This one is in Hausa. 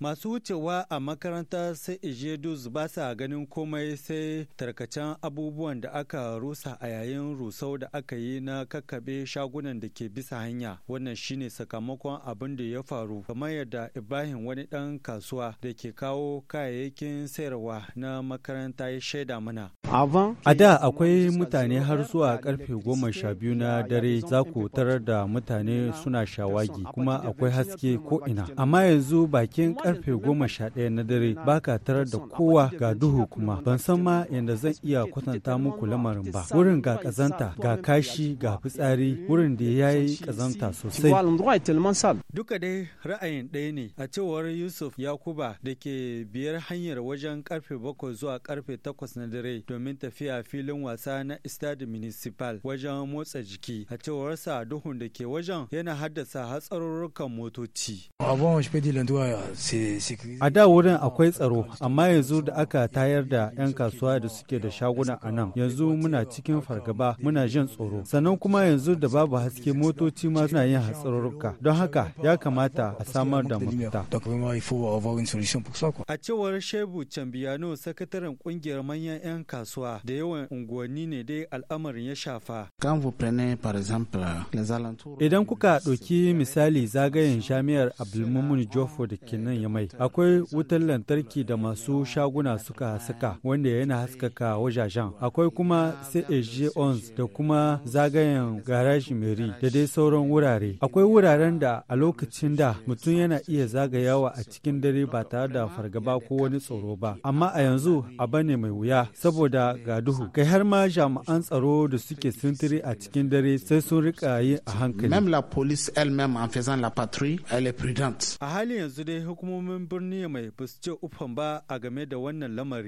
Masu wucewa a makaranta sai Ijedus ba sa ganin komai sai tarkacen abubuwan da aka rusa a yayin rusau da aka yi na kakkaɓe shagunan da ke bisa hanya. Wannan shine sakamakon abin da ya faru. Kamar yadda Ibrahim wani ɗan kasuwa da ke kawo kayayyakin sayarwa na makaranta ya shaida mana. A da akwai mutane har zuwa karfe goma sha biyu na dare za ku tarar da mutane suna shawagi kuma akwai haske ko ina. Amma yanzu bakin karfe goma sha ɗaya na dare ba ka tarar da kowa ga duhu kuma ban san ma yadda zan iya kwatanta muku lamarin ba. Wurin ga kazanta ga kashi ga fitsari wurin da ya yi kazanta sosai. Duka dai ra'ayin ɗaya ne a cewar Yusuf Yakuba da ke biyar hanyar wajen karfe bakwai zuwa karfe takwas na dare. domin tafiya filin wasa na Stade Municipal wajen motsa jiki. A cewarsa duhun da ke wajen yana haddasa hatsarurrukan motoci. A da wurin akwai tsaro, amma yanzu da aka tayar da 'yan kasuwa da suke da shaguna a nan, yanzu muna cikin fargaba, muna jin tsoro. Sannan kuma yanzu da babu haske motoci ma suna yin hatsarurruka. Don haka ya kamata a samar da mafita. A cewar Shebu Cambiyano, sakataren kungiyar manyan 'yan kasuwa kasuwa da yawan unguwanni ne dai al'amarin ya shafa. Idan kuka ɗauki misali zagayen jami'ar Abdulmumun Jofo da ke nan Yamai, akwai wutar lantarki da masu shaguna suka saka wanda yana haskaka wajajen. Akwai kuma CAG 11 da kuma zagayen garaji Meri da dai sauran wurare. Akwai wuraren da a lokacin da mutum yana iya zagayawa a cikin dare ba tare da fargaba ko wani tsoro ba. Amma a yanzu a ne mai wuya saboda da ga duhu kai har ma jami'an tsaro da suke sintiri a cikin dare sai sun rika yi a hankali même la police elle-même en faisant la patrouille elle est prudente a halin yanzu dai hukumomin birni mai fusce ufan ba a game da wannan lamari